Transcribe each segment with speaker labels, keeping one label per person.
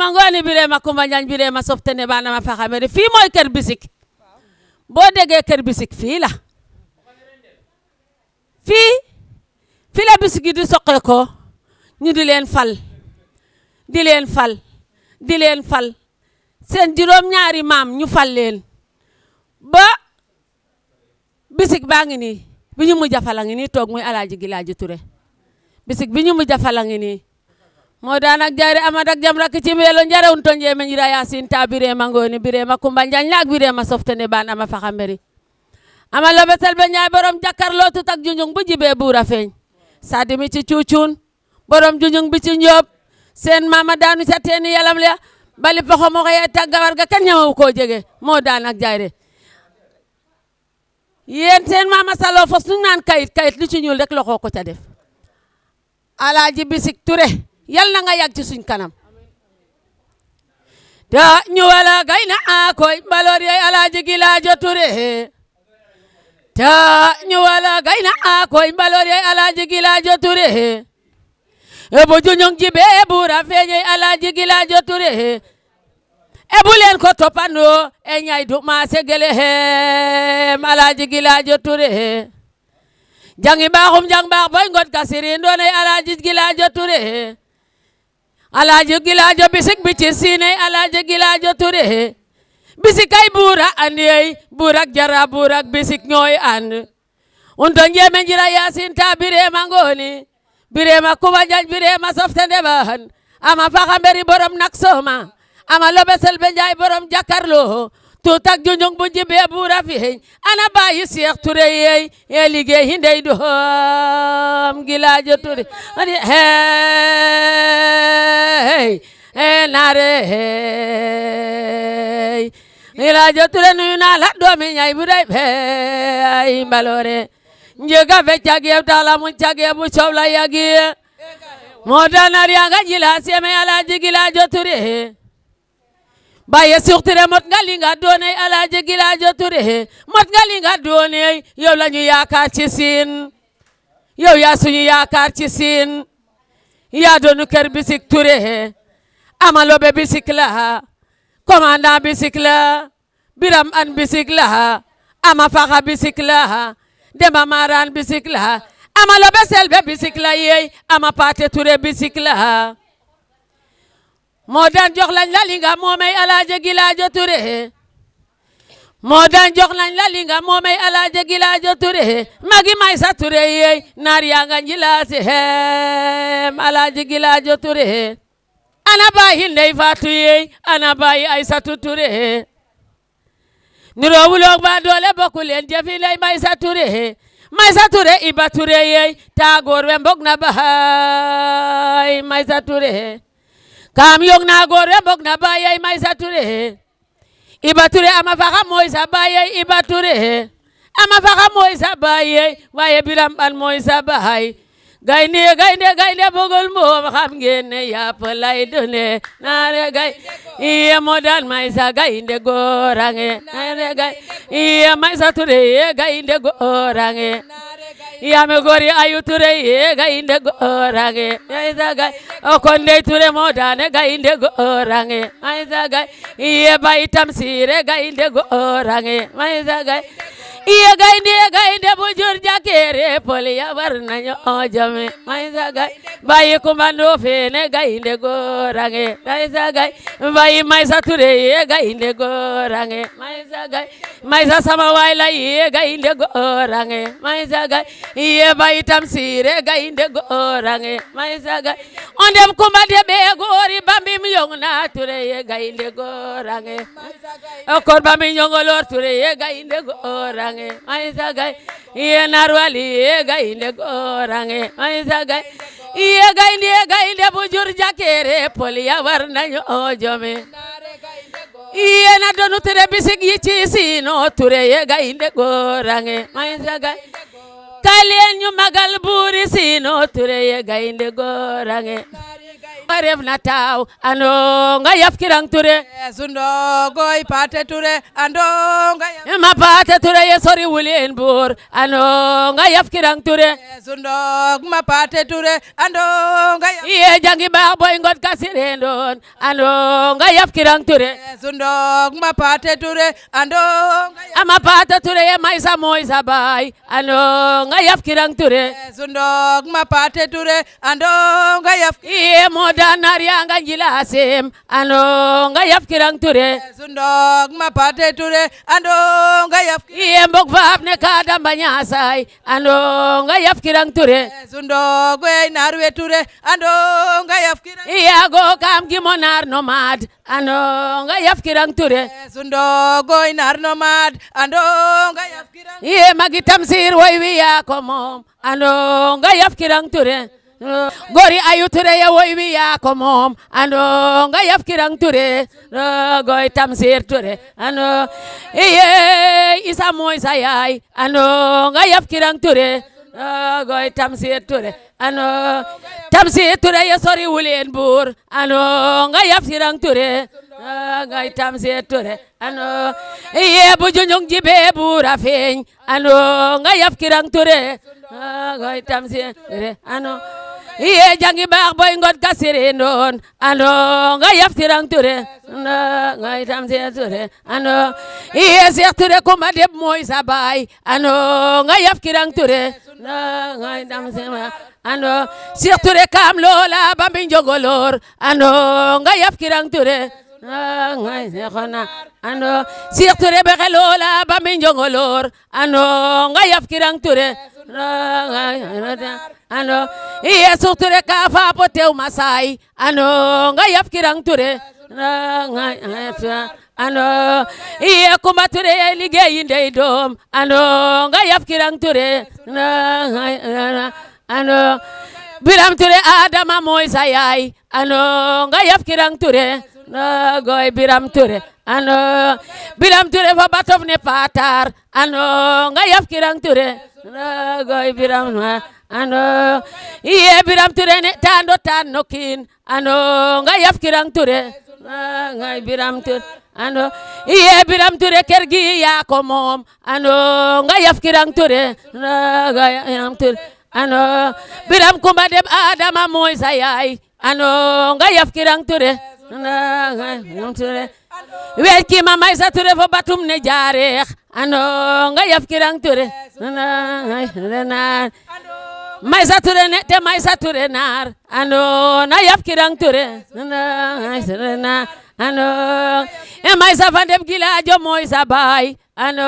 Speaker 1: Birama Ngoone Birama Kumba Njaañ Birama Sob Tene Banama Faxameri fii mooy kër bisik boo déggee kër bisik fii la fii fii la bisik yi di soqee ko ñu di leen fal di leen fal di leen fal seen juróom-ñaari maam ñu fal leen ba bisik baa ngi nii bi ñu mujj a fal toog muy Alaaji Gilaaji Ture bisik bi ñu mujj nii modanak jari amadak jam rakki cimɓeelo jara un to jeemeñira yasin ta birema ngoni birema coumba diagne birema softene ban ama faxamberi ama loɓe selɓe ñaay borom jakarlo tutak junjung bu jibe buura feeñ sadimi ci cuucuun borom junjung bi ci njoob seen mama daanu ca teeni yalam le bali poxomo xeye taggawarga kan ñamawu ko jege modanak jayre yéen seen mama salo fos nu kayit kayit lu ci ñuul rek loxo ko ca def alaaji bisik ture yal na nga yàgg ci suñ kanam ta ñu wala gay na a koy mbaloor yey alaaji gilaajo ture ta ñu wala gay na a koy mbaloor yey alaaji gilaajo ture e bu bu leen ko toppandoo e ñay du maase gele heem alaaji gilaajo ture jangi baaxum jang baax boy ngot ka siriin doonay alaaji gilaajo ture alaajo gilaajo bisik bi siiney alaajo gilaajo ture bisik ay buura and buurak jara buurak bisik ñooy and unto njeeme njira yaasin taa bireema ngooni bireema kuba jaaj bireema softe ndeban ama faxa mberi borom nak sooma lobe selbe njaay borom jakarloo tutak junjung bunji be bura fi hen ana bayi Cheikh Touré yey ye liggéey hi ndey do hom gilaajo Touré ani hey hey nare hey gilaajo Touré nuyu naa la doomi ñay bu dey hey mbalore njega fe cageew taala mu cageew bu coow la yagi moo ta nar yanga jila seme alaaji gilaajo Touré baye suxtire mot nga li nga doonay alaaji gilaajo Touré mot nga li nga doonay yow la ñu yaakaar ci siin yow yaa suñu yaakaar siin yaa doonu kër bisik Touré amalobe bisik la commandant bisik la biram an bisik la ama faxa bisik la demba maaraan bisik la amalobe selbe bisik la yeey paate Touré bisik la moo daan jox lañ la li nga moomay alaaja gilaaja Ture moo daan jox lañ la li nga moomay alaaja gilaaja Ture magi may sa Ture yeey naar yaa nga njilaasi heem alaaja gilaaja Ture ana baayi ndey faatu yeey ana baayi aysatu Ture nirowuloog ba doole bokku leen jëfi lay may sa Ture may sa Ture iba Ture yeey taagoor we mbog na baay may sa Ture kaam yong na goor we bokk na baayay Maysa Touré Iba Touré ama faxa mooy sa baayay Iba Touré ama faxa mooy sa baayay waaye biram ban mooy sa baay gaynde gaynde gaynde bogol mboom xam ngeen ne yàpp lay dunde naare gay iye modal maysa gaynde goorange naare gay iye maysa ture iye gaynde goorange yame gori ayu ture iye gaynde goorange maysa gay okonde ture modane gaynde goorange maysa gay iye bay tamsire gaynde goorange maysa gay iya gaynde gaynde bu jur jakere pol yabar nañu jame may sa gay bayi kumando fene gaynde gorange may sa gay bayi may sa ture ye gaynde gorange may sa gay may sa sama wayla ye gaynde gorange may sa gay ye bayi tamsire gaynde gorange may sa gay ondem kumbante ɓe goori bambim yongna ture ye gaynde goorange kon bambim yongolor ture ye gaynde goorange maysa gay ye narwali ye gaynde goorange maysa gay na donu bisig yicci sino ture ye gaynde goorange maysa kaleen ñu magal buuri siino ture ye gaynde goorange nga ref na taaw ando nga yaf kirang ture sundogoy pate ture ando nga ma pate ture ye sori wulin buur ando nga yaf kirang ture sundog ma pate ture ando nga ye jangi baax boy ngot kasiren don ando nga yaf kirang ture sundog ma pate ture ando ama pate ture ye maisa moisa bay ando nga yaf kirang ture sundog ma pate ture ando nga yaf ye moda nariya nga njilasem ando nga yaf kirang ture sundog ma pate ture ando nga yaf yembok vap ne kada banyasai ando nga yaf kirang ture sundog eh, we ture ando nga yaf kirang iago kam gimonar nomad ando nga yaf ture sundog eh, we nar nomad ando nga nga yaf ture gori ayu ture ya woy yaa ko moom nga yaf kirang ture goy tamsir ture ando iye isa mooy sa yaay ando nga yaf kirang ture goy tamsir ture ando tamsir ture ya sori wuleen buur ando nga yaf kirang ture ngay tam see ture ano nga yaf kirang iye jangi baax boy ngot ka siri ndoon ando nga yaftirang ture nga itam si ture ando iye seex ture kuma deb mooy sa baay ando nga yafkirang ture nga itam si ando seex ture kaam loola bambi njogoloor ando nga yafkirang ture ngay neexoona ando Cheikh loola ba mi njongoloor ando nga yaf kirang Touré ando Yeesu Touré ka fa po tew masaay ando nga yaf kirang Touré ando iye Kumba Touré ye liggéeyi ndey doom ando nga yaf kirang Touré ando Biram Touré Adama mooy sa yaay nga yaf kirang Touré no goy Biram Touré ano Biram Touré fo batof ne patar ano nga yaf kirang Touré no goy Biram ma ano iye Biram Touré ne tando tan nokin ano nga nga yaf kirang Touré no goy Biram Touré ano Biram Kumba dem Adama mooy sa yaay ano nga yaf kirang ture weet kii ma may sa ture fo batum ne jaareex ano nga yaf kirang ture may sa ture ne te may sa ture naar ano na yaf ture naar ano eh, may sa fa ndeb gila jom mooy sa baay ano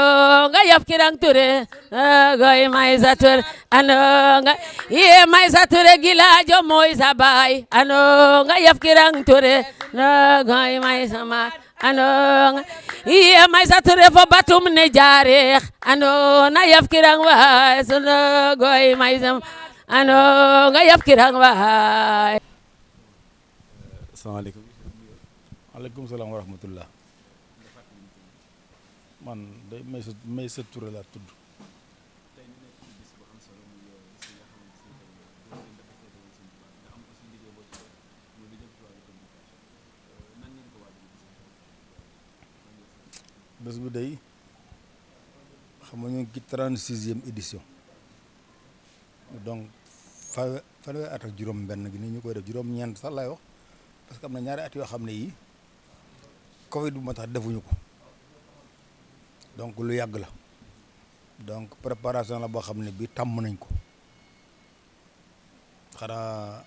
Speaker 1: nga yaf kirang ture eh, goy may sa ture ano nga ye may ture gila jom mooy sa baay ano nga yaf kirang ture na eh, yaf goy may sa ano nga yaf kirang waay
Speaker 2: asalaamaaleykum waaleykum man day may sa may sa ture laa tudd bés bu day xam nga ñu ngi ci trente sixième édition donc fa fanweeri at ak juróom benn gi ni ñu koy def juróom ñeent sax laay wax parce am na ñaari at yoo xam ne yi Covid bu ma tax defuñu ko donc lu yàgg la donc préparation la boo xam ne bi tàmm nañ ko xanaa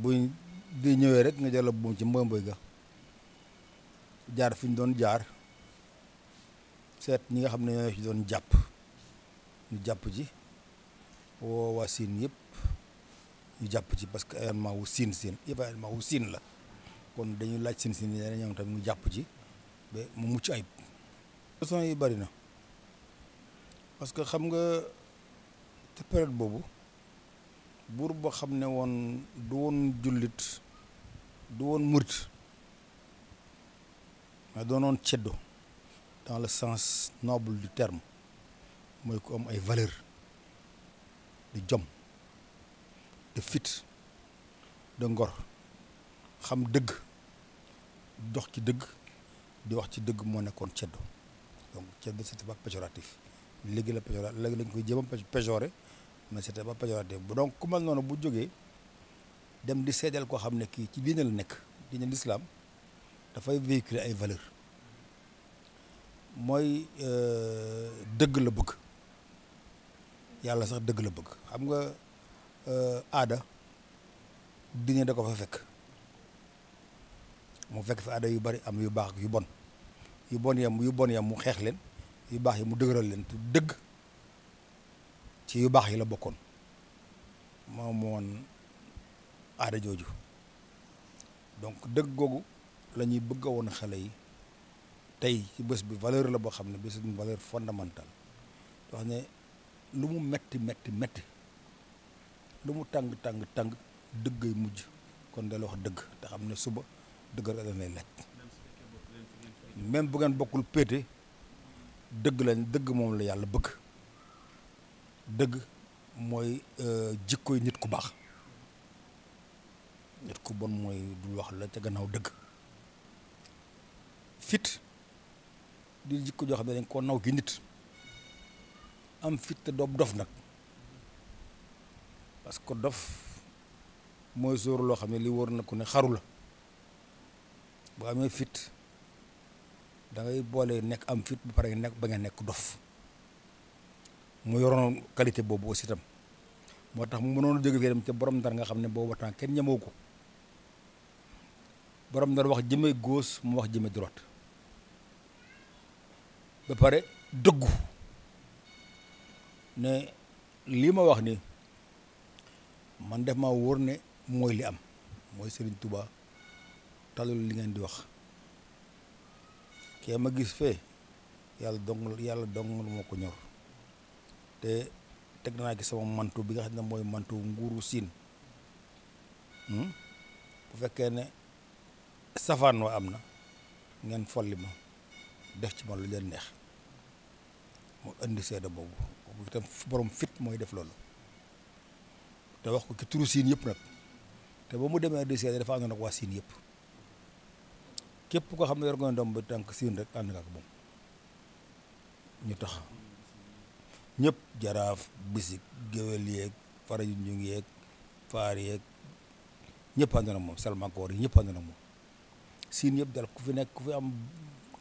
Speaker 2: buñ di ñëwee rek nga jël buum ci mboy mboy ga jaar fi ñu doon jaar seet ñi nga xam ne ñoo ci doon jàpp ñu jàpp ci woo waa siin yëpp ñu jàpp ci parce que événement wu siin siin yëpp événement wu siin la kon dañu laaj seen si ne ñoom tamit mu jàpp ci mu mucc ayib. leçon yi bari na parce que xam nga te période boobu buur boo xam ne woon du woon jullit du woon murit mais doonoon ceddo dans le sens noble du terme mooy ku am ay valeur di jom de fit de ngor xam dëgg dox ci dëgg di wax ci dëgg moo nekkoon ceddo donc ceddo c'était pas péjoratif léegi la péjoratif léegi lañ koy jéem a péjoré mais c'était pas péjoratif donc ku mel noonu bu jógee dem di seedeel koo xam ne kii ci diine la nekk diine l'islam dafay véhiculer ay valeur mooy euh, dëgg la bëgg yàlla sax dëgg la bëgg xam nga euh, aada diine da ko fa fekk mu fekk fi aada yu bari am yu baax ak yu bon yu bon yam yu bon yam mu xeex leen yu baax yi mu dëgëral leen te dëgg ci yu baax yi la bokkoon moom woon aada jooju donc dëgg googu lañuy ñuy bëgg a woon xale yi tey ci bés bi valeur la boo xam ne bés une valeur fondamentale wax ne lu mu metti metti metti lu mu tàng tàng tàng dëgg dëggay mujj kon dala wax dëgg te xam ne suba dëgg la lay laaj même bu bokkul péete dëgg lañ dëgg moom la yàlla bëgg dëgg mooy euh, jikkoy nit ku baax nit ku bon mooy dul wax la ca gannaaw dëgg fitt di jikko joo xam ne dañ koo naw ki nit am fitt te doob dof nag parce que dof mooy sóoru loo xam ne li wóor na ko ne xaru la bu amee fit dangay boole nekk am fit ba pare nekk ba nga nekk dof mu yoroon qualité boobu aussi itam moo tax mu mënoon a jóge fii dem ca borom ndar nga xam ne boobu temps kenn ñemoo ko borom ndar wax jëme góos mu wax jëme droite ba pare dëggu ne lii ma wax ni man def ma wóor ne mooy li am mooy Serigne Touba talul li ngeen di wax kee ma gis fee yàlla dong yàlla lu moo ko ñor te teg naa ci sama mantu bi nga xam ne mooy mantu nguuru siin hmm? bu fekkee ne safaan wa am na ngeen folli ma def ci ma lu leen neex moo indi seede boobu kooku itam borom fit mooy def loolu te wax ko ki siin yëpp nag te ba mu demee indi seede dafa na ak waa siin yëpp képp koo xam ne yor nga doom ba tànk siin rek ànd nga ak moom ñu tax ñëpp jaraaf bisik géwél yeeg farajunjung yeeg far yeeg ñëpp ànd na moom salmankoor yi ñëpp ànd na moom siin yëpp dal ku fi nekk ku fi am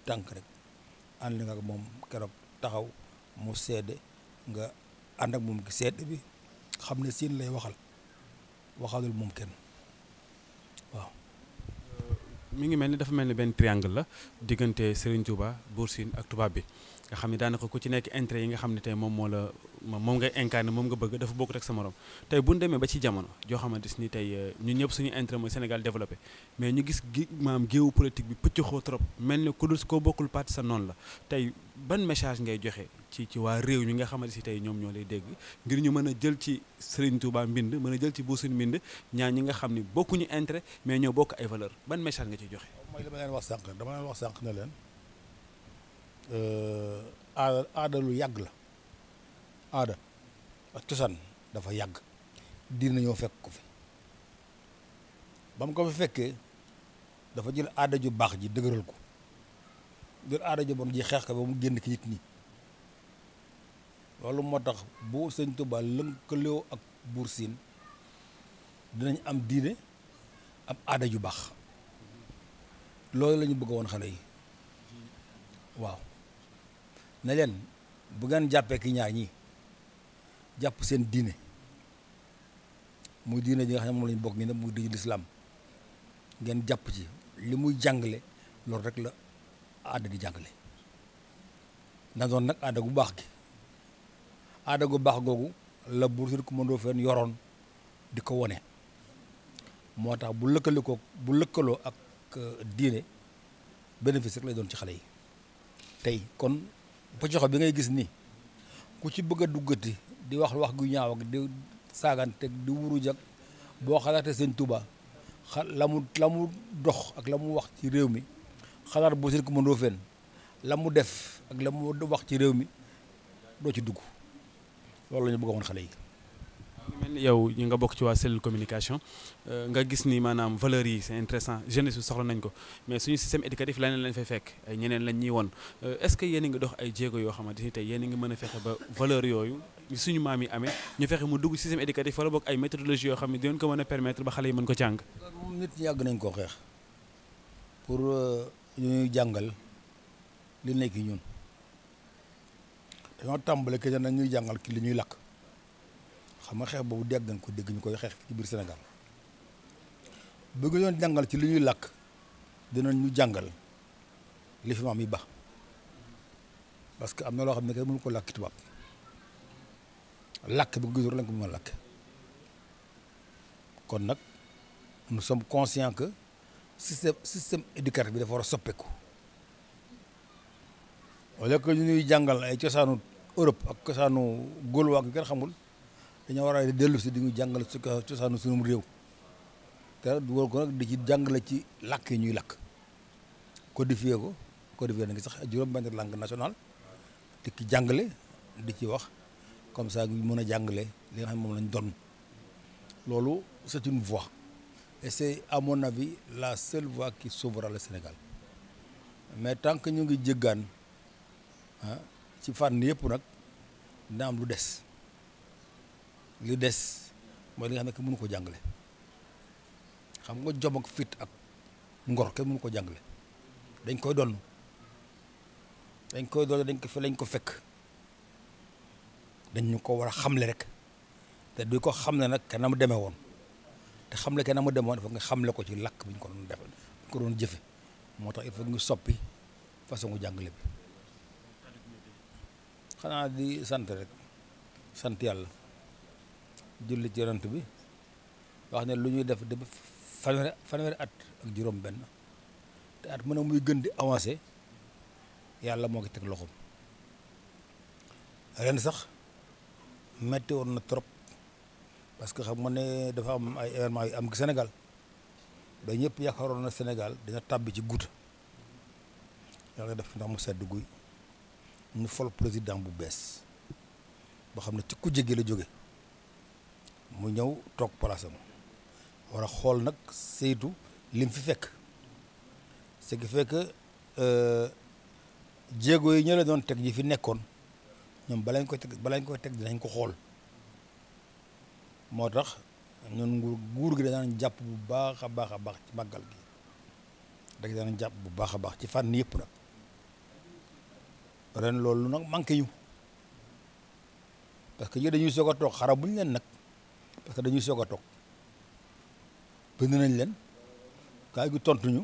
Speaker 2: tànk rek ànd nga ak moom keroog taxaw mu seede nga ànd ak moom ki seede bi xam ne siin lay waxal waxalul moom kenn
Speaker 3: mi ngi mel ni dafa mel ni benn triangle la diggante Serigne Touba Bour Sine ak tubaab bi nga xam ne daanaka ku ci nekk intérêt yi nga xam ne tey moom moo la moom nga incarné moom nga bëgg dafa bokkut ak sa morom tey bu demee ba ci jamono joo xamante ni tey euh, ñun ñëpp suñu intérêt mooy Sénégal développé mais ñu gis gi maam géewu politique bi pëccëxoo trop mel ni ku dul koo bokkul parti sa noonu la tey ban message ngay joxe ci ci waa réew ñi nga xamante ni tey ñoom ñoo lay dégg ngir ñu mën a jël ci Serigne Touba mbind mën a jël ci Boussine mbind ñaar ñi nga xam ne bokkuñu intérêt mais ñoo bokk ay valeur ban message nga ciy joxe
Speaker 2: Euh, aada aada lu yàgg la aada ak cosaan dafa yàgg diine ñoo fekk ko fi ba mu ko fi fekkee dafa jël aada ju baax ji dëgëral ko jël aada ju bon ji xeex ko ba mu génn ki nit ñi loolu moo tax bu sëñ Tuubaa lëkkaloo ak buur siin dinañ am diine am aada ju baax loolu lañu bëgg woon xale yi waaw ne leen bu ngeen jàppee ki ñaar ñi jàpp seen diine muy diine ji nga xam ne moom la ñu bokk ñu ne muy diine lislaam ngeen jàpp ci li muy jàngale loolu rek la aada di jàngale na doon nag aada gu baax gi aada gu baax googu la Buur Sine Coumba Ndofféne yoroon di ko wone moo tax bu lëkkalikoo bu lëkkaloo ak euh, diine bénéfice rek lay doon ci xale yi tey kon pëccoxo bi ngay gis ni ku ci bëgg a duggati di wax wax gu ñaaw ak di saagante di wuru jag boo xalaatee seen tuba xa lamu la mu dox ak la mu wax ci réew mi xalaat bu seen ko mëndoo fen la mu def ak la mu wax ci réew mi doo ci dugg loolu la ñu bëgg woon xale yi
Speaker 3: mel ni yow ñi nga bokk ci waa cellule communication euh, nga gis ni maanaam valeurs yi c'est intéressant jeunesse bi soxla nañ ko mais suñu système éducatif leneen lañ fekk ay ñeneen lañ won euh, est-ce que yéen a ngi dox ay jéego yoo xamante ni tey a a suñu maam yi amee ñu fexe mu dugg système éducatif wala boog ay méthodologie yoo xam ne dinañ ko mën a permettre ba xale yi mën ko jàng.
Speaker 2: pour euh, ñuy jàngal li nekk ñun dañoo tàmbale que ñuy jàngal ki li ñuy lakk. xam nga xeex boobu dégg nañ ko dégg koy xeex ci biir Sénégal bëgg doon jàngal ci li ñuy làkk dinañ ñu jàngal li fi maam yi ba parce que am na loo xam ne kay mënu ko làkk tubaab làkk bi gisul lañ ko mën a làkk kon nag nous sommes conscients que système système bi dafa war a soppeeku wala que ñu ñuy jàngal ay cosaanu Europe ak cosaanu Gaulois ak yu kenn xamul. dañoo war a dellu si di ñu jàngal su ko cosaanu sunum réew te war ko nag di ci jàngale ci lakk yi ñuy làkk codifié ko codifié na ngi sax juróom-benn langue national di ki jàngale di ci wax comme ça ñu mën a jàngale li nga xam moom lañ doon loolu c'est une voie et c'est à mon avis la seule voie qui sauvera le Sénégal mais tant que ñu ngi jéggaan ah ci fànn yëpp nag dina lu des li des mooy li nga mënu ko jàngale xam nga jom ak fit ak ngor kenn mënu ko jàngale dañ koy donn dañ koy doon dañ ko fi lañ ko fekk dañ ñu ko war a xamle rek te du ko xam ne nag kenn demee woon te xamle kenn mu demee woon dafa nga xamle ko ci lakk bi ñu ko doon def ñu ko jëfe moo tax il faut nga soppi façon gu jàngale bi xanaa di sant rek sant yàlla julli ci yonent bi wax ne lu ñuy def dafa fanweeri at ak juróom-benn te at mën na muy gën di avancé yàlla moo ko teg loxoom ren sax metti woon na trop parce que xam nga ne dafa am ay événement yu am Sénégal ba ñëpp yaakaaroon na Sénégal dina tàbbi ci guut yàlla def ndax mu sedd guy ñu fol président bu bees boo xam ne ci ku jege la jóge mu ñëw toog palaasam war a xool nag saytu lim fi fekk ce qui fait que euh, jéego yi ñu la doon teg yi fi nekkoon ñoom balañ ko teg balañ ko teg dinañ ko xool moo tax ñun nguur nguur gi danañ jàpp bu baax a baax a baax ci màggal gi da danañ jàpp bu baax a baax ci fànn yëpp nag ren loolu nag manqué ñu parce que yéen dañuy soog a toog xara buñ leen nag. parce que dañuy soog a toog bind nañ leen kaay gu tontuñu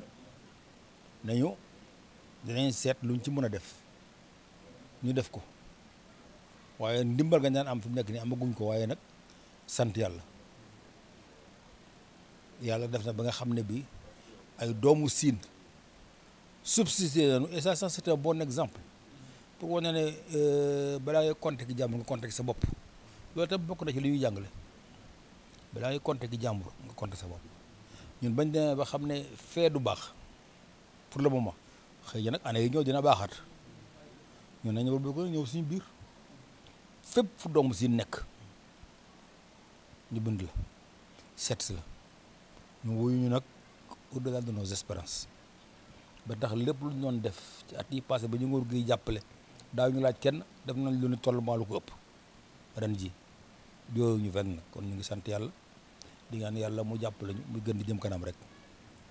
Speaker 2: nañu danañ seet luñ ci mën a def ñu def ko waaye ndimbal nga daan am fi mu nekk nii amaguñ ko waaye nag sant yàlla yàlla def na ba nga xam ne bi ay doomu siin substitué nañu et ça ça c'est bon exemple pour wane ne euh, balaa ngay compter ki jàmm nga compter sa bopp loolu tam bokk na ci li ñuy jàngale. balaa ngay compter gi jàmbur nga compter sa bopp ñun bañ demee ba xam ne fee du baax pour le moment xëy na nag année yi ñëw dina baaxaat ñun nañu ba ko ñëw suñu biir fépp fu doom si nekk ñu bind la seet si la nag au-delà de nos espérances ba tax lépp lu ñu doon def ci at yi passé ba ñu nguur gi jàppale daaw ñu laaj kenn def na lu ñu toll maa lu ko ëpp ren ji jooyu ñu fenn kon ñu ngi sant yàlla di ñaan yàlla mu jàpp lañu mu gën di jëm kanam rek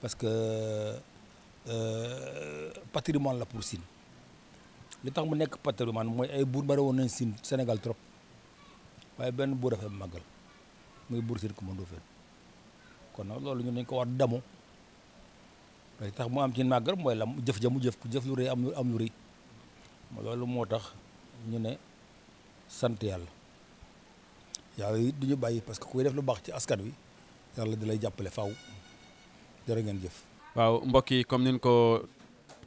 Speaker 2: parce que euh, patrimoine la pour Sine lu tax mu nekk patrimoine mooy ay buur bari nañ Sine Sénégal trop waaye benn buur dafay màggal muy buur Sine Coumba Ndoffène kon nag loolu ñu nañ ko war damo day tax mu am ci màggal mooy lam jëf ja jëf ku jëf am am lu rëy loolu moo tax ñu ne sant yàlla yaa yi du ñu bàyyi parce que kuy def lu baax ci askan wi yàlla di lay jàppale faw jërë ngeen jëf.
Speaker 3: waaw mbokk yi comme ni ko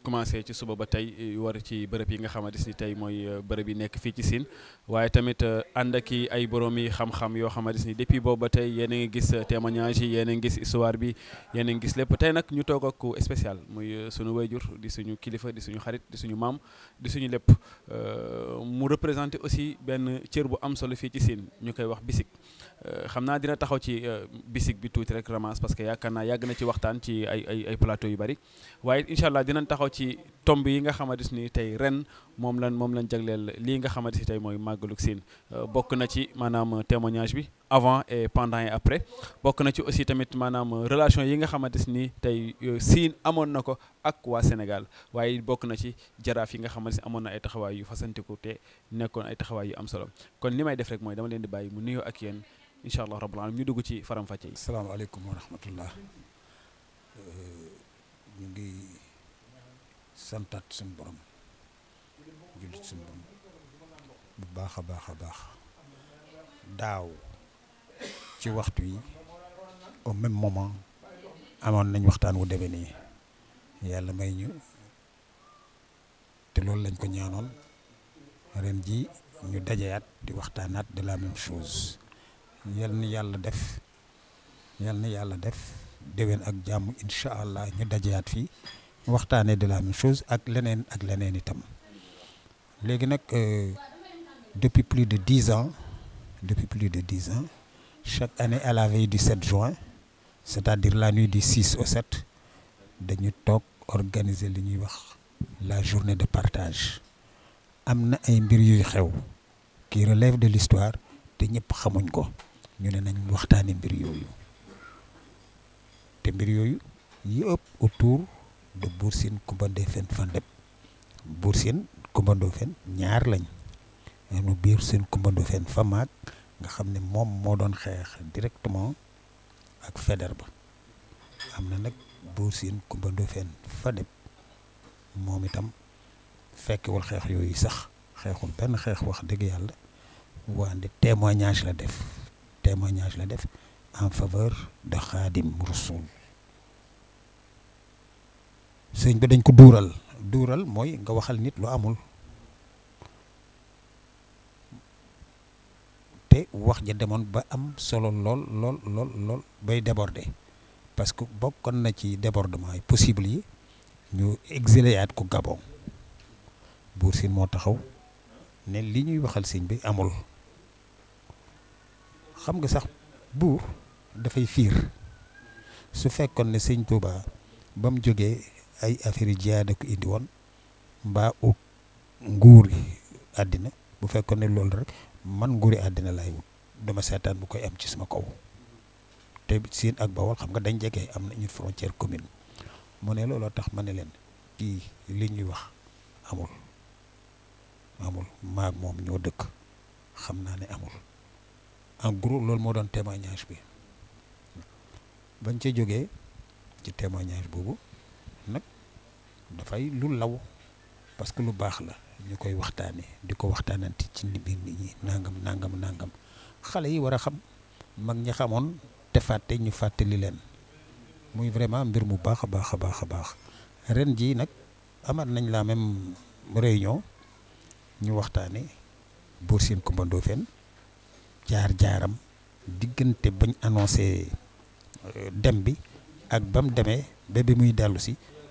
Speaker 3: commencé ci suba ba tey eh, war ci bërëb yi nga xamante ni tey mooy eh, bërëb yi nekk fii ci Sine waaye tamit eh, ànd ak yi ay borom yi xam-xam yoo xamante ni depuis boobu ba tey yéen a ngi gis témoignage yi yéen a ngi gis histoire bi yéen a gis lépp tey nag ñu toog ak spécial muy suñu wayjur di suñu kilifa di suñu xarit di suñu maam di suñu lépp mu représenté aussi benn cër bu am solo fii ci Sine ñu koy wax bisik Euh, xam naa dina taxaw ci euh, bisik bi tuuti rek romance parce que yaakaar naa yàgg na ci waxtaan ci ay ay ay plateau yu bari waaye incha allah dinañ taxaw ci tomb yi nga xamante ni tey ren moom lan moom lañ jagleel lii nga xamante ni tey mooy màggalug Sine euh, bokk na ci maanaam témoignage bi avant et pendant et après bokk na ci aussi tamit maanaam relation yi nga xamante ni tey Sine amoon na ko ak waa Sénégal waaye bokk na ci jaraaf yi nga xamante ni amoon na ay taxawaay yu fasantiku te nekkoon ay taxawaay yu am solo kon li may def rek mooy dama leen di bàyyi mu nuyoo ak yéen incha allah rabbul alamin ñu dugg ci faram-fàcce yi. salaamaaleykum
Speaker 4: wa rahmatullah euh, ñu ngi santaat suñu borom jullit suñu bu baax a baax a baax daaw ci waxtu yi au même moment amoon nañ waxtaan wu demee nii yàlla may ñu te loolu lañ ko ñaanoon ren ji ñu dajayaat di waxtaanaat de la même chose. yal na yàlla def yal na yàlla def déwén ak jàmm incha allah ñu dajeyaat fii waxtaanee de la même chose ak leneen ak leneen itam léegi nag euh, depuis plus de dix ans depuis plus de dix ans chaque année à la veille du 7 juin c'est-à-dire la nuit di 6 au 7 dañu toog organiser li ñuy wax la journée de partage am na ay mbir yuy xew qui relève de l'histoire te ñëpp xamuñ ko ñu ne nañ waxtaane mbir yooyu te mbir yooyu yëpp autour de Bour Sine Coumba Ndeffène Fandène buur Sine Coumba Ndeffène ñaar lañ ñu Bour Sine Coumba Ndeffène Famaak nga xam ne moom moo doon xeex directement ak Faidherbe am na nag Bour Sine Coumba Ndeffène Fandène moom itam fekkewul xeex yooyu sax xeexul benn xeex wax dëgg yàlla waande témoignage la def témoignage la def en faveur de Xaadim Rasul sëñ bi dañ ko duural duural mooy nga waxal nit lu amul te wax ja demoon ba am solo lool lool lool lool bay débordé parce que bokkoon na ci débordement yi possible yi ñu exilé yaat ko Gabon buur Sine moo taxaw ne li ñuy waxal sëñ bi amul xam nga sax buur dafay fiir su fekkoon ne sëñ Touba ba mu jógee ay affaires jiyaada ko indi woon mbaa ut nguuri àddina bu fekkoon ne loolu rek man nguuri àddina laay wut dama seetaan bu koy am ci suma kaw te Sine ak Bawol xam nga dañ jege am na ñu frontière commune mu ne looloo tax ma ne leen kii li ñuy wax amul amul maag moom ñoo dëkk xam naa ne amul en gros loolu moo doon témoignage bi bañ ca jógee ci témoignage boobu nag dafay lu law parce que lu baax la ñu koy waxtaanee di ko waxtaanante ci biir nit ñi nangam nangam nangam xale yi war a xam mag ñi xamoon te fàtte ñu fàttali leen muy vraiment mbir mu baax a baax a baax a baax ren jii nag amaat nañ la même réunion ñu waxtaanee Buur Sine Coumba jaar-jaaram diggante bañ annoncé euh, dem bi ak bam demee ba bi muy dellu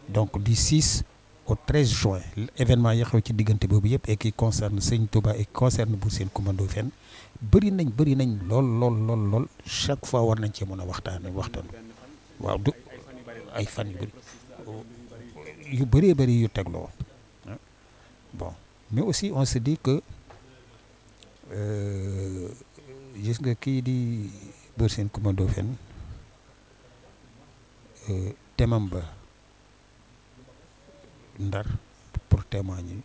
Speaker 4: donc di 6 au 13 juin événement yi xew ci diggante boobu yëpp et qui concerne Sëñ Touba et concerne Bour Sine Coumba Ndoffène bëri nañ bëri nañ lool lool lool lool chaque fois war nañ cee mën a waxtaan waxtaan waaw du ay fan yu
Speaker 5: bëri yu bëree
Speaker 4: bëri yu tegloo bon mais aussi on se dit que. Euh, gis nga kii di Buur Sine Coumba Ndoffène euh, temam ba ndar pour témoigner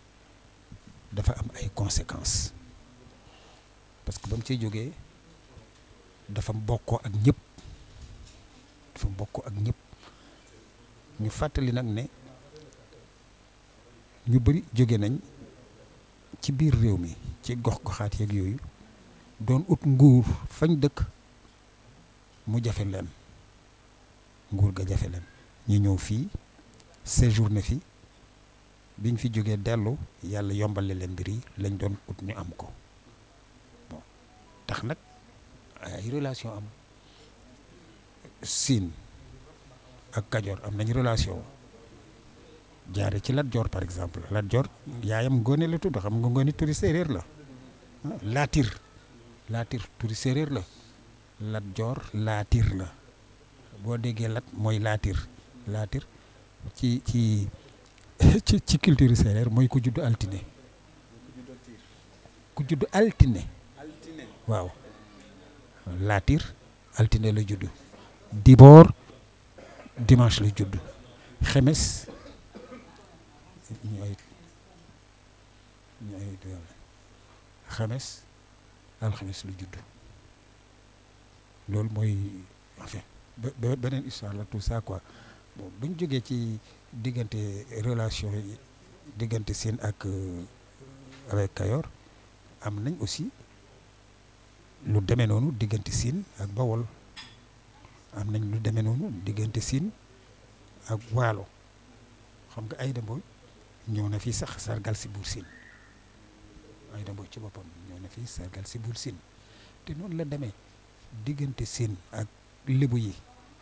Speaker 4: dafa am ay conséquences parce que ba mu ciy jógee dafa bokkoo ak ñëpp dafa bokkoo ak ñëpp ñu fàttali nag ne ñu bëri jóge nañ ci biir réew mi ci gox goxaat yeeg yooyu. doon ut nguur fañ dëkk mu jafe leen nguur ga jafe leen ñu ñëw fii séjourné fi biñ fi jógee dellu yàlla yombale leen mbir yi lañ doon ut ñu am ko bon tax nag ay relation am Siin ak Kajoor am nañ relation jaare ci Lat Joor par exemple Lat Joor yaayam ngoone la tudd xam nga ngoone turi séeréer la ah, laatir laatir turi séeréer la lat joor laatir la boo déggee lat mooy laatir laatir ci ci ci ci culture séeréer mooy ku juddu altiné ku juddu altiné waaw laatir altine la juddu diboor dimanche la juddu xemes xemes alxames lu judd loolu mooy enfin beneen histoire la tout ça quoi bon bu ñu jógee ci diggante relation yi diggante seen ak euh, avec Kayor am nañ aussi lu deme noonu diggante siin ak Bawol am nañ lu demee noonu diggante siin ak waalo xam nga ay dembooy ñëw na fi sax sargal si buur siin Aïda Mbodj ci boppam ñoo ne fii sargal si te noonu la demee diggante siin ak lébu yi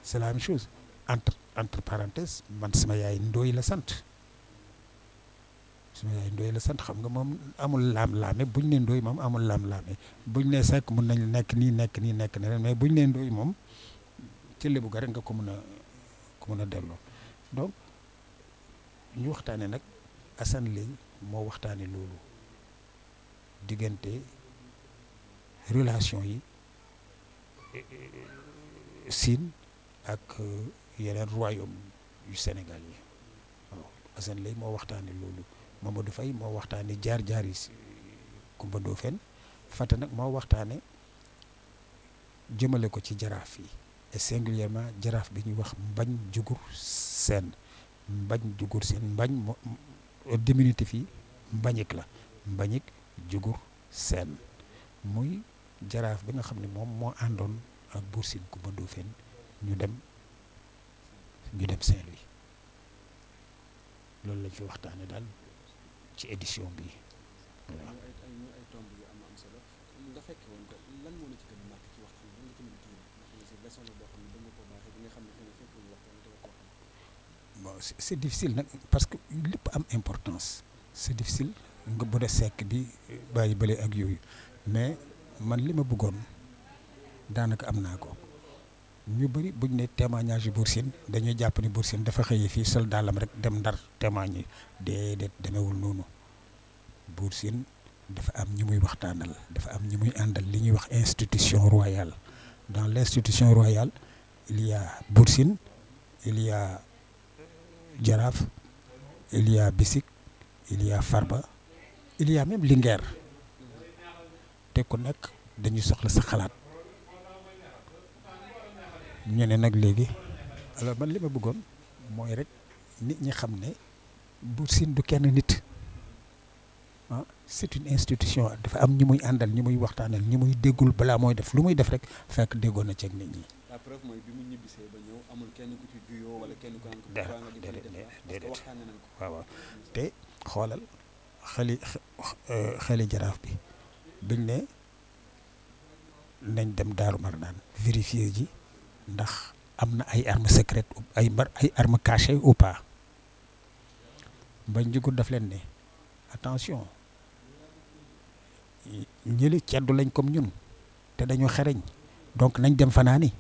Speaker 4: c'est la même chose entre entre parenthèse man sama yaay ndooy la sant sama yaay ndooy la sant xam nga moom amul laam-laame buñ ne ndooy moom amul laam-laame buñ ne sekk mun nañ nekk nii nekk nii nekk na leen mais buñ ne ndooy moom ci lébu ga nga ko mun a ko mun a delloo donc ñu waxtaanee nag Assane Leye moo waxtaanee loolu. diggante relation yi Sine ak euh, yeneen royaume yu Sénégal yi waaw Assane Lay moo waxtaane loolu Mamadou Faye moo waxtaane jaar-jaar yi Coumba Ndoffène Fata nag moo waxtaane jëmale ko ci jaraaf yi et singulièrement jaraaf bi ñuy wax mbañ jugur seen mbañ jugur seen mbañ diminutif yi mbañik la mbañik jugu seen muy jaraaf bi nga xam ne moom moo àndoon ak Buur Sine Kumba Ndoofeen ñu dem ñu dem Saint-Louis loolu lañ fi waxtaane daal ci édition bi voilà. bon c'est difficile nag parce que lépp am importance c'est difficile nga bu a sekk bi bàyyi bële ak yooyu mais man li ma buggoon daanaka am naa ko ñu bëri buñ ne témoignage yu Bour Sine dañuy jàpp ni Bour Sine dafa xëyee fii sol rek dem ndar témoigner yi déedéet demewul noonu Bour Sine dafa am ñi muy waxtaanal dafa am ñi muy àndal li ñuy wax institution royale dans l'institution royale il y a Bour Sine il Jaraaf il Bisik il Farba il y a même Linguère te dañuy soxla sa xalaat ñu ne nag léegi alors ban li ma bëggoon mooy rek nit ñi xam ne bu Sine du kenn nit ah c'est une institution dafa am ñu muy àndal ñi muy waxtaanal ñi muy déggul balaa mooy def lu muy def rek fekk déggoo na ceeg nit ñi.
Speaker 3: la preuve bi mu ñibbisee ba ñëw amul kenn ku ci wala
Speaker 4: kenn ku. déedéet déedéet waaw waaw te xoolal. xali xali jaraaf bi biñ ne nañ dem Daaru Marnaan vérifier ji ndax am na ay armes secrètes ay mar ay armes cachées ou pas bañ jugut daf leen ne attention ñëli ceddu lañ comme ñun te dañu xereñ donc nañ dem fanaani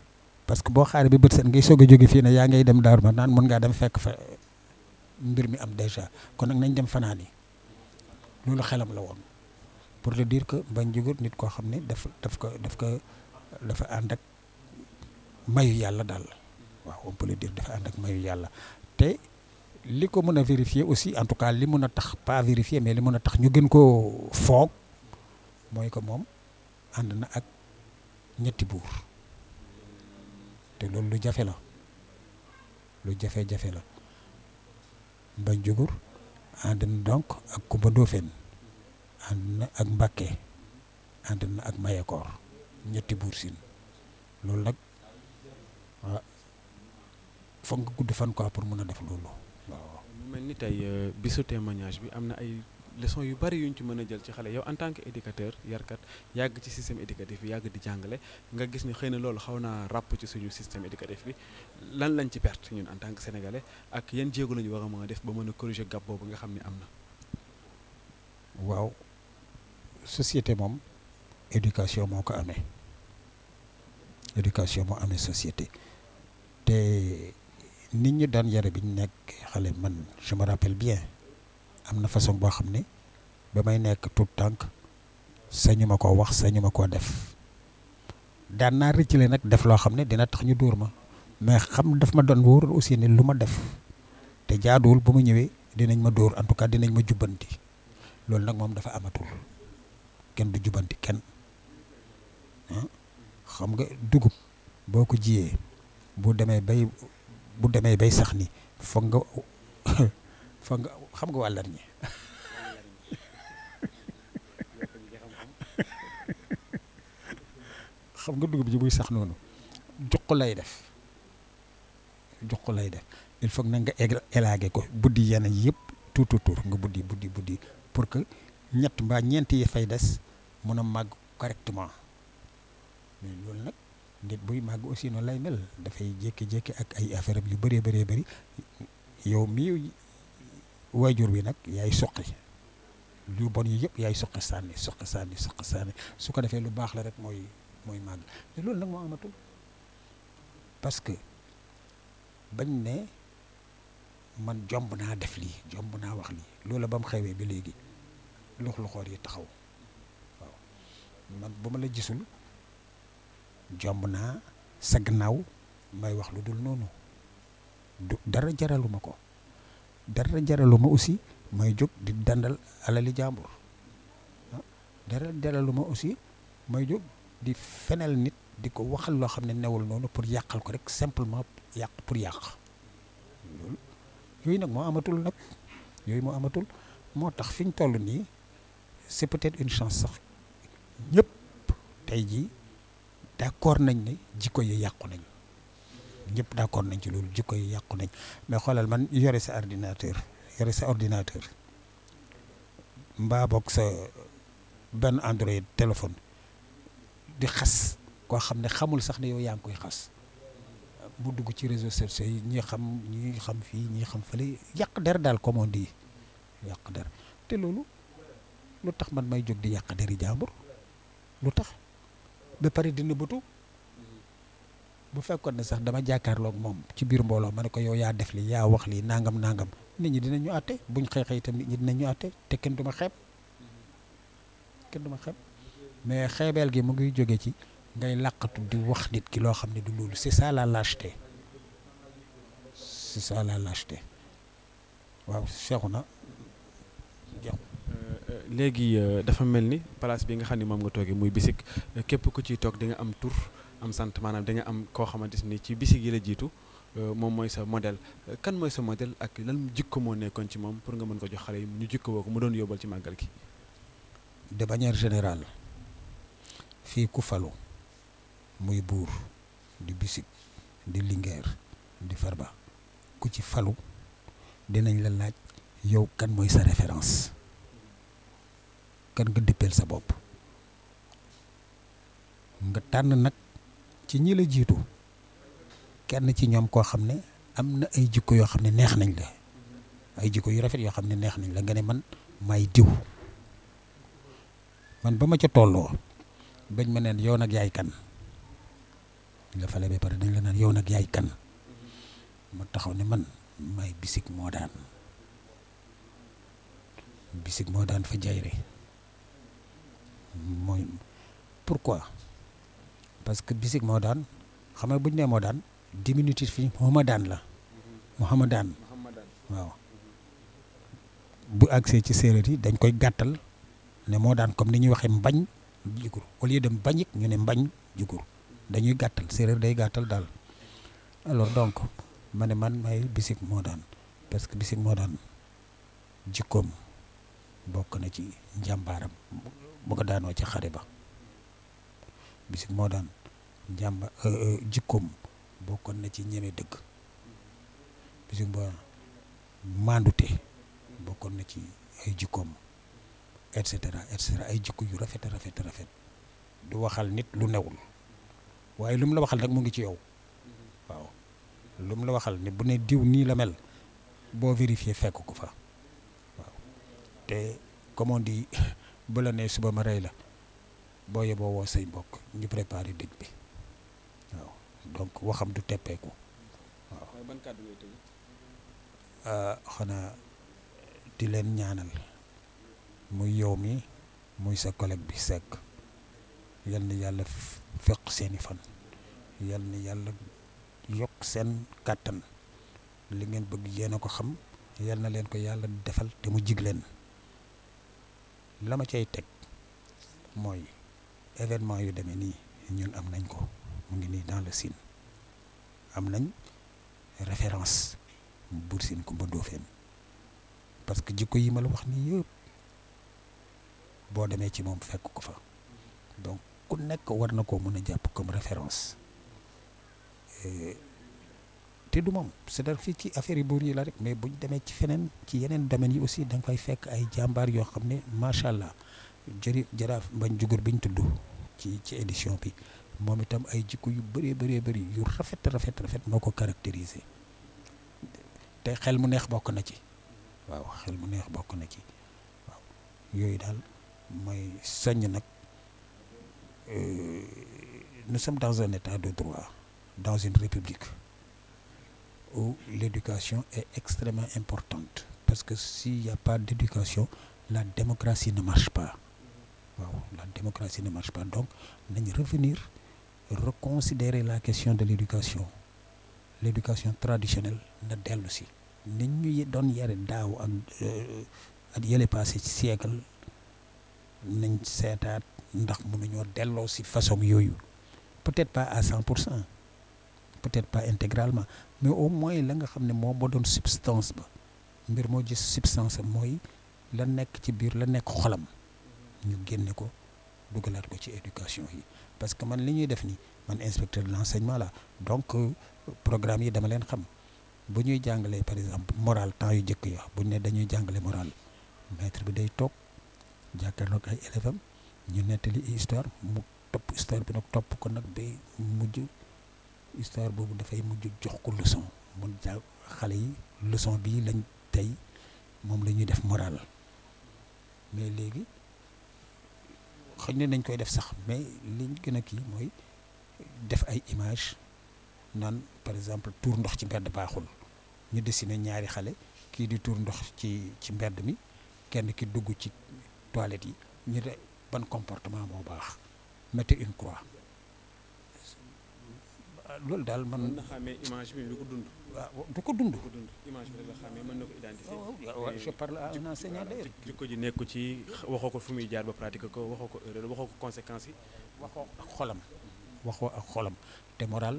Speaker 4: parce que boo xaaree bi bët seen ngay soog jóge fii ne yaa ngay dem Daaru Marnaan mën ngaa dem fekk fa mbir mi am déjà kon nag nañ dem fanaani loolu xelam la woon pour le diir que Mbagne Diogur nit koo xam ne daf daf ko daf ko dafa ànd ak mayu yàlla daal waaw on peut le dire dafa ànd ak mayu yàlla te li ko mën a vérifier aussi en tout cas li mën a tax pas vérifier mais li mën a tax ñu gën koo foog mooy que moom ànd na ak ñetti buur te loolu lu jafe la lu jafe-jafe la Mbagne Diogur ànd na donc ak Kumba Ndóofeen ànd ak Mbàkke ànd na ak Mayekoor ñetti buur siin loolu nag waaw foog nga gudd fan ko pour mën a def loolu waaw.
Speaker 3: mu euh, am na leçon yu bari yuñ ci mën a jël ci xale yow en tant que éducateur yarkat yàgg ci système éducatif bi yàgg di jàngale nga gis ni xëy na loolu xaw naa ràpp ci suñu système éducatif bi lan lañ ci perte ñun en tant que sénégalais ak yan jéego lañu war a mën a def ba mën a corriger gap boobu nga xam ne am na.
Speaker 4: waaw société moom éducation moo ko amee éducation moo amee société te nit ñu daan yare bi ñu nekk xale man je me rappelle bien. am na façon boo xam ne ba may nekk tout tànk sañu ma koo wax sañu ma koo def daan naa rëccale nag def loo xam ne dina tax ñu dóor ma mais xam daf ma doon wóor aussi ne lu ma def te jaaduwul bu ma ñëwee dinañ ma dóor en tout cas dinañ ma jubbanti loolu nag moom dafa amatul kenn du jubbanti kenn xam nga dugub boo ko jiyee bu demee bay bu demee bay sax ni foog nga fa nga xam nga wàllar ñi xam nga dugub ji buy sax noonu juq lay def juq lay def il foog na nga élagué ko buddi yenn yëpp tuur tuur tuur nga buddi buddi buddi pour que ñett mbaa ñeent yi fay des mun a màgg correctment mais loolu nag nit buy màgg aussi noonu lay mel dafay jékki-jékki ak ay affaire yu bëree bëree bëri yow mii waajur bi nag yaay suqi lu bon yi yëpp yaay suqi sànni suqi sànni su ko defee lu baax la rek mooy mooy màgg te loolu nag moo amatul parce que bañ ne man jomb naa def lii jomb naa wax lii loola ba mu xewee ba léegi lux luxoor yi taxaw waaw man bu ma la gisul jomb naa sa gannaaw may wax lu dul noonu du dara jaraluma ko dara jaralu ma aussi may jóg di dandal alali jàmbur dara jaralu ma aussi may jóg di fenel nit di ko waxal loo xam ne newul noonu pour yàqal ko rek simplement yàq pour yàq loolu yooyu nag moo amatul nag yooyu moo amatul moo tax fi ñu toll nii c'est peut-être une chance sax ñëpp tey jii d'accord nañ ne jikko yi yàqu nañ ñëpp d'accord nañ ci loolu jikko yi yàqu nañ mais xoolal man yore sa ordinateur yore sa ordinateur mbaa boog sa benn Android téléphone di xas koo xam ne xamul sax ne yow yaa ngi koy xas bu dugg ci réseaux sociaux yi ñi xam ñi xam fii ñi xam fële yàq der daal comme on dit yàq der te loolu lu tax man may jóg di yàq deri jàmbur lu tax ba pare dina bëtu bu fekkoon ne sax dama jàkkaarloog moom ci biir mbooloo ma ne ko yow yaa def li yaa wax lii nangam nangam nit ñi dinañu àtte buñ xeexee itam nit ñi dinañu àtte te kenn du ma xeeb kenn du ma mais xeebeel gi mu ngi jóge ci ngay làqatu di wax nit ki loo xam ne du loolu c'est ça la lâcheté c'est ça la waaw seexu na euh,
Speaker 3: euh, léegi euh, dafa mel ni place bi nga xam ne moom nga toogee muy bisik képp ku ciy toog di am tur am sant maanaam da nga am koo xamante ni ci bisi gi la jiitu euh, moom mooy sa modèle kan mooy sa modèle ak lan jikko moo nekkoon ci moom pour nga mën ko jox xale yi mu jikko woo ko mu doon yóbbal ci màggal
Speaker 4: gi. de manière générale fii ku falu muy buur di bisik di lingeer di farba ku ci falu dinañ la laaj yow kan mooy sa référence kan nga dëppeel sa bopp nga tànn nag ci ñi la jiitu kenn ci ñoom koo xam ne am na ay jikko yoo xam ne neex nañ la ay jikko yu rafet yoo xam ne neex nañ la nga ne man maay diw man ba ma ca tolloo bañ ma neen yow nag yaay kan la fale ba pare dañ la naan yow nag yaay kan ma taxaw ne man may bisik moo daan bisik moo daan fa jayre mooy pourquoi parce que bisik moo daan xam nga bu ñu nee moo daan diminutif fi Muhammadan la Muhammadan waaw bu agsee ci séeréer yi dañ koy gàttal ne moo daan comme ni ñuy waxee mbañ jugur au lieu de mbañik ñu ne mbañ jugur dañuy gàttal séeréer day gàttal daal alors donc ma ne man may bisik moo daan parce que bisik moo daan jikkoom bokk na ci njàmbaaram bu ko daanoo ci xare ba bisik moo daan jàmba euh, euh, jikkoom bokkoon na ci ñeme dëgg bisim ba maandute bokkoon na ci ay jikkoom et cetera et ay jikko yu rafet rafet rafet du waxal nit lu newul waaye lu mu la waxal rek mu ngi ci yow waaw lu mu la waxal ne bu ne diw nii la mel boo vérifié fekk ko fa waaw te comme on dit bu la nee suba ma rey la boo yeboo woo say mbokk ñu préparé dëj bi. donc waxam du teppeeku waaw euh, xanaa di leen ñaanal muy yow mi muy sa collègue bi sekk yal na yàlla feq seeni fan yal na yàlla yokk seen kàttan li ngeen bëgg yéen a ko xam yal na leen ko yàlla defal te mu jig leen lama ma cay teg mooy événement yu demee nii ñun am nañ ko mu ngi nii dans le Sine am nañ référence Buur Sine Kumba Ndoofeen parce que jikko yi ma la wax nii yëpp boo demee ci moom fekk ko fa donc ku nekk war na koo mën a jàpp comme référence euh, te du moom cest à fii ci affaire yi buur yi la rek mais buñ demee ci feneen ci yeneen domaines yi aussi da nga fay fekk ay jàmbaar yoo xam ne macha allah jëri jaraaf mbañ jugur ñu tudd ci ci édition bi moom itam ay jikko yu bëree bëree bëri yu rafet rafet rafet noo ko caractérisé te xel mu neex bokk na ci waaw xel mu neex bokk na ci waaw yooyu daal mooy soññ nag euh, nous sommes dans un état de droit dans une république où l'éducation est extrêmement importante parce que s'il n'y a pas d'éducation la démocratie ne marche pas waaw la démocratie ne marche pas donc nañ revenir reconsidérer la question de l'éducation l'éducation traditionnelle na dellu si nit ñu doon yare daaw ak euh, at yële passé ci siècle nañ seetaat ndax mënuñoo delloo si façon yooyu peut-être pas à cent pour cent peut-être pas intégralement mais au moins la nga xam ne moom moo doon substance ba mbir moo gis substance mooy la nekk ci biir la nekk xolam ñu génne ko dugalaat ko ci éducation yi parce que man li ñuy def nii man inspecteur de l'enseignement la donc euh, programme yi dama leen xam bu ñuy jàngalee par exemple moral temps yu njëkk yoo bu ñu ne dañuy jàngale moral maître bi day toog jàkkaarloog ay élèves ñu nettali histoire mu topp histoire bi nag topp ko nag day mujj histoire boobu dafay mujj jox ko leçon mun jàng xale yi leçon bii lañ tey moom la ñuy def moral mais léegi. xëy na nañ koy def sax mais liñ gën a kii mooy def ay image naan par exemple tour ndox ci mbedd baaxul ñu dessiné ñaari xale kii di tour ndox ci ci mbedd mi kenn ki dugg ci toilet yi ñu de ban comportement moo baax mettez une croix loolu daal man. mën na xàmmee image bi du ko dund. waaw du ko dund.
Speaker 3: ko dund image bi la na ko identifier. Oh, oh, waaw je parle à un enseignant d'ailleurs. jikko ji nekku ci waxoo ko fu muy jaar ba pratique ko waxoo ko erreur waxoo ko conséquences yi. waxoo ak xolam.
Speaker 4: waxoo ak xolam te moral.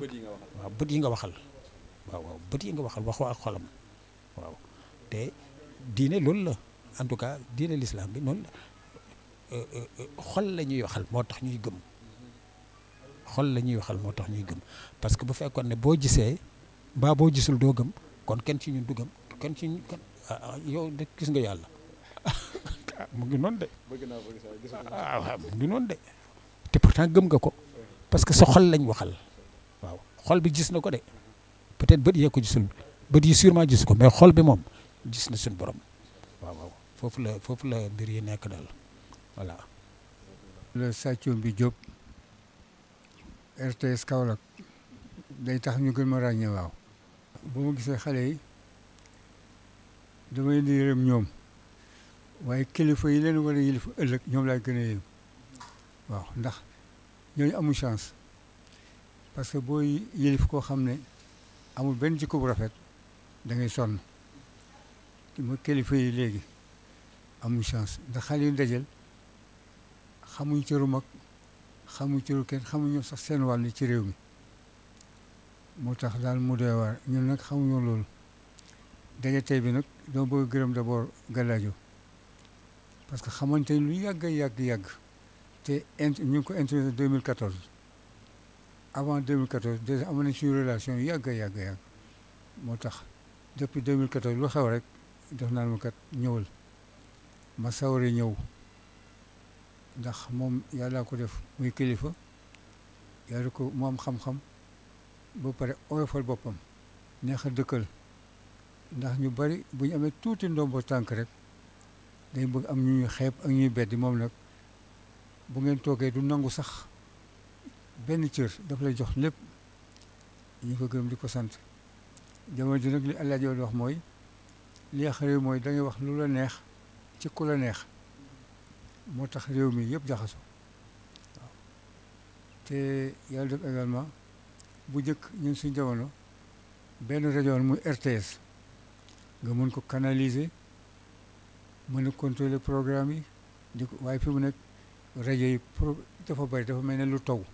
Speaker 4: bët yi nga waxal waaw bët yi nga waxal. waaw waaw bët yi nga waxal waxoo ak xolam waaw te diine loolu la en tout cas diine l'islam bi noonu la euh, euh, euh, xol la ñuy waxal moo tax ñuy gëm. xol la ñuy waxal moo tax ñuy gëm parce que bu fekkoon ne boo gisee mbaa boo gisul doo gëm kon kenn ci ñun duggam gëm kenn ci ñun ah, ah, yow de gis nga yàlla ah, mu ngi noonu de. bëgg naa bëgg saa de te pourtant gëm nga ko parce que sa xol lañ waxal waaw xol bi gis na ko de peut-être bët yee ko gisul bët yi sûrement gis ko mais xol bi moom gis na suñu borom waaw waaw foofu la foofu la mbir yi nekk daal voilà.
Speaker 5: la sàccoom bi Diop. RTS Kaolack day tax ñu gën ma ràññee waaw. ma gisee xale yi damay di yërëm ñoom waaye kilifa yi leen war a yilif ëllëg ñoom laay gën a yërëm waaw ndax ñooñu amul chance parce que booy yilif koo xam ne amul benn jikko bu rafet dangay sonn te ma kilifa yi léegi amul chance ndax xale yu dajal xamuñ cëru mag. xamu ci lu xamuñu sax seen wàll ci réew mi moo tax daal mu doy waar ñun nag xamuñu loolu daje tey bi nag dama bëgg gërëm d'abord Gallaajo parce que xamante ni lu yàgg yàgg yàgg te int ñu ngi ko introduire 2014 avant 2014 déjà amoon nañ suñu relation yàgg yàgg yàgg moo tax depuis 2014 lu xew rek def naan ma kat ñëwal ma sawari ñëw. ndax moom yàllaa ko def muy kilifa yàlla ko mu am xam-xam ba pare oyofal boppam neex a dëkkal ndax ñu bari bu ñu amee tuuti ndombo tànk rek dañ bëgg am ñu ñuy xeeb ak ñuy beddi moom nag bu ngeen toogee du nangu sax benn cër daf lay jox lépp ñu ko gërëm di ko sant jamono ji nag li Alaaji wax mooy li xëy mooy dangay wax lu la neex ci ko la neex moo tax réew mi yëpp jaxasoo te yàlla def également bu njëkk ñun suñ jamono benn rajo muy RTS nga mën ko canaliser mën a contrôler programme yi di ko waaye fi mu nekk rajo yi pro dafa bari dafa mel ne lu taw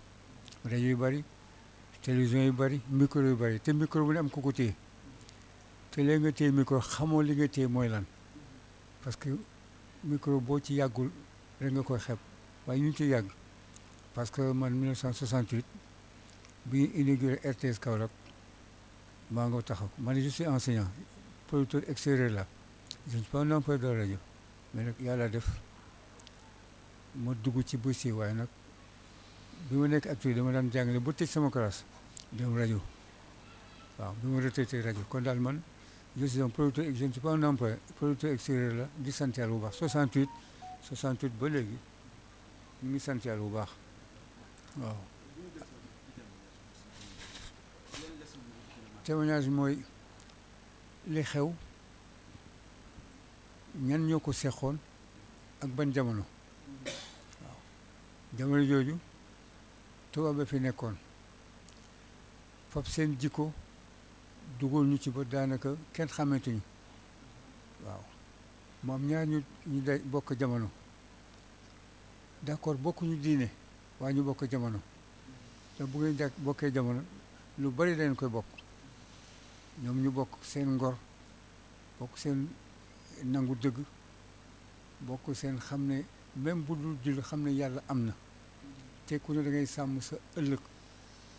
Speaker 5: rajo yu bari télévision yu bari micro yu bari te micro bu ne am ko ko téye te léegi nga téye micro xamoo li nga téye mooy lan parce que micro boo ci yàggul rek nga koy xep waaye ñu ngi ciy yàgg parce que man 1968 bi ñu inauguré RTS Kaolack maa nga taxaw man je suis enseignant producteur extérieur là je ne suis pas un la rajo mais nag yàlla def ma dugg ci bu si waaye nag bi ma nekk acteur dama daan jàngale bu tëj sama classe dem rajo waaw bi ma retraité rajo kon daal man je suis producteur extérieur la di sant bu baax 68 68 ba léegi mu ngi sant bu baax waaw témoignage mooy li xew ñan ñoo ko seqoon ak ban jamono waaw jamono jooju tubaab ba fi nekkoon fab seen jikko dugal ñu ci ba daanaka kenn xamante ñu waaw moom ñaar ñu ñu day bokk jamono d'accord bokkuñu diine waaye ñu bokk jamono te bu ngeen bokkee jamono lu bari dañ koy bokk ñoom ñu bokk seen ngor bokk seen nangu dëgg bokk seen xam ne même bu dul xam ne yàlla am na te ku ne da ngay sàmm sa ëllëg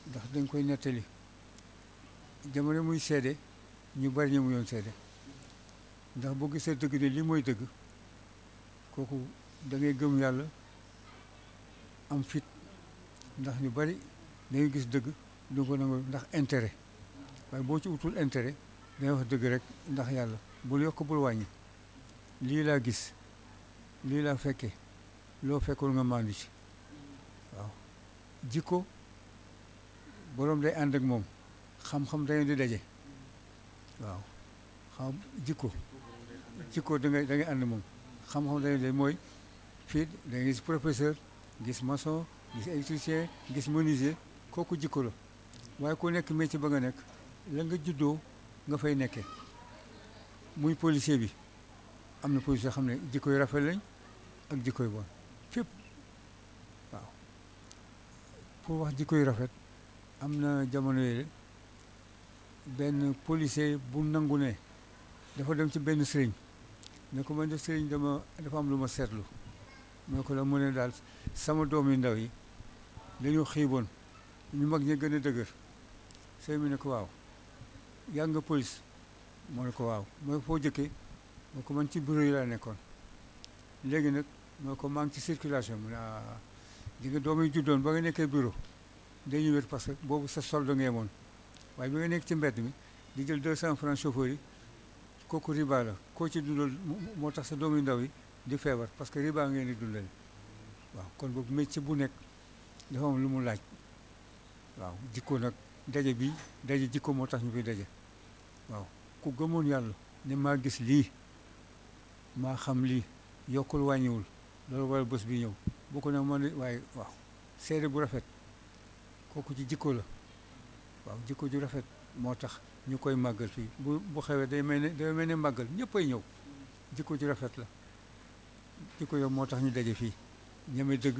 Speaker 5: ndax dañ koy nettali jamono muy seede ñu bari ñu mu yoon seede ndax boo gisee dëgg ne lii mooy dëgg kooku dangay gëm yàlla am fit ndax ñu bari dañuy gis dëgg du ko nangu ndax intérêt waaye boo ci utul intérêt day wax dëgg rek ndax yàlla bul yokk bul wàññi lii laa gis lii laa fekke loo fekkul nga maandu ci waaw jikko boroom day ànd ak moom xam-xam dañu di daje waaw xam jikko jikko da ngay da ngay ànd moom xam-xam da ngay mooy fii da ngay gis professeur gis maçon gis électricien gis menuisier kooku jikko la waaye koo nekk métier ba nga nekk la nga juddoo nga fay nekkee muy policier bi am na policier xam ne jikko yu rafet lañ ak jikko yu bon fépp waaw pour wax jikko yu rafet am na jamono yooyu benn policier bu nangu ne dafa dem ci benn sëriñ ne ko man de sëriñ dama dafa am lu ma seetlu mu ne ko la mu ne daal sama doom yu ndaw yi dañu xiiboon ñu mag ñi gën a dëgër sëriñ bi ne ko waaw yaa nga police moo ne ko waaw mooy foo jëkkee moo ko man ci bureau yi laa nekkoon léegi nag moo ko maa ngi ci circulation mu ne ah, di nga doom yi juddoon ba nga nekkee bureau dañuy wér parce que boobu sa soldo ngay moon waaye bi nga nekk ci mbet mi di jël deux cent francs chauffeur yi kooku riba la koo ci dundal moo tax sa doomi ndaw yi di feebar parce que riba ngeen di dundal waaw kon boobu métier bu nekk dafa am lu mu laaj waaw jikko nag daje bi daje jikko moo tax ñu koy daje waaw ku gëmoon yàlla ne maa gis lii maa xam lii yokkul wàññiwul loolu wala bës bi ñëw boo ko ne ma ne waaye waaw seede bu rafet kooku ci jikko la waaw jikko ju rafet moo tax ñu koy màggal fii bu bu xewee day mel ne day mel ne màggal ñëppay ñëw jikko ju rafet la jikko yow moo tax ñu daje fii ñeme dëgg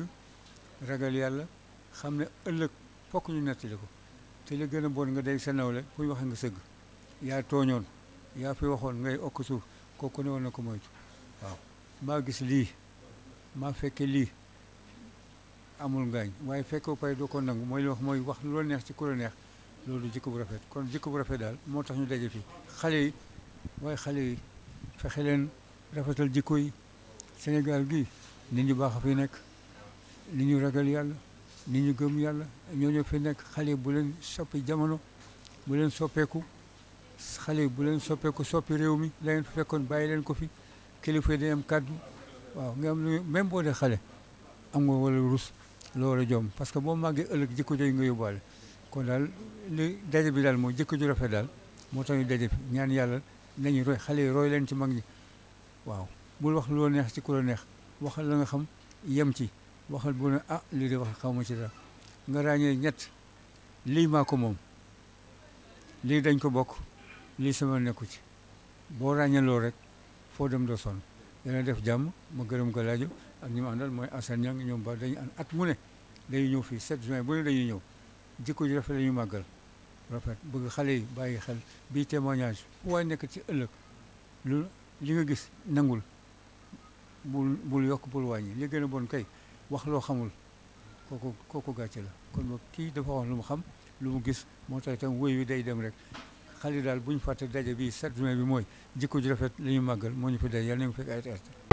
Speaker 5: ragal yàlla xam ne ëllëg fokk ñu nettali ko te li gën a bon nga day sa nawle fu ñu waxee nga sëgg yaa tooñoon yaa fi waxoon ngay okk suuf kooku ne woon na ko moytu waaw maa gis lii maa fekke lii amul ngaañ waaye fekke pare doo ko nangu mooy li wax mooy wax loolu neex ci ku la neex loolu jikko bu rafet kon jikko bu rafet daal moo tax ñu daje fi xale yi waaye xale yi fexe leen rafetal jikko yi Sénégal gi nit ñu baax a fi nekk nit ñu ragal yàlla ni ñu gëm yàlla ñoo ñooñu fi nekk xale yi bu leen soppi jamono bu leen soppeeku xale yi bu leen soppeeku soppi réew mi la ngeen fekkoon bàyyi leen ko fi kilifa yi dañu kàddu waaw nga am lu même boo dee xale am nga wala rus loola joom parce que boo màggee ëllëg jikko jooju nga yóbbaale kon daal li daje bi daal moo jëkk ju rafet daal moo tax ñu daje bi ñaan yàlla nañu roy xale yi roy leen ci mag ñi waaw bul wax loo neex ci ku la neex waxal la nga xam yem ci waxal bu ne ah lii de wax xaw ma ci dara nga ràññee ñett lii maa moom lii dañ ko bokk lii sama nekku ci boo ràññee loo rek foo dem doo sonn dana def jàmm ma gërëm ko laajo ak ñi ma àndal mooy Assane Niang ñoom ba dañu ànd at mu ne dañuy ñëw fii set juin bu ne dañuy ñëw jikko ju rafet la ñu màggal rafet bëgg xale yi bàyyi xel bii témoignage fu waay nekk ci ëllëg lu li nga gis nangul bul bul yokk bul wàññi li gën a bon kay wax loo xamul kooku kooku gàcce la kon moom kii dafa wax lu mu xam lu mu gis moo tax itam wéy wi day dem rek xale daal bu ñu fàtte daje bi 7 juin bi mooy jikko ju rafet la ñu màggal moo ñu fi day yàlla nañu fekk ay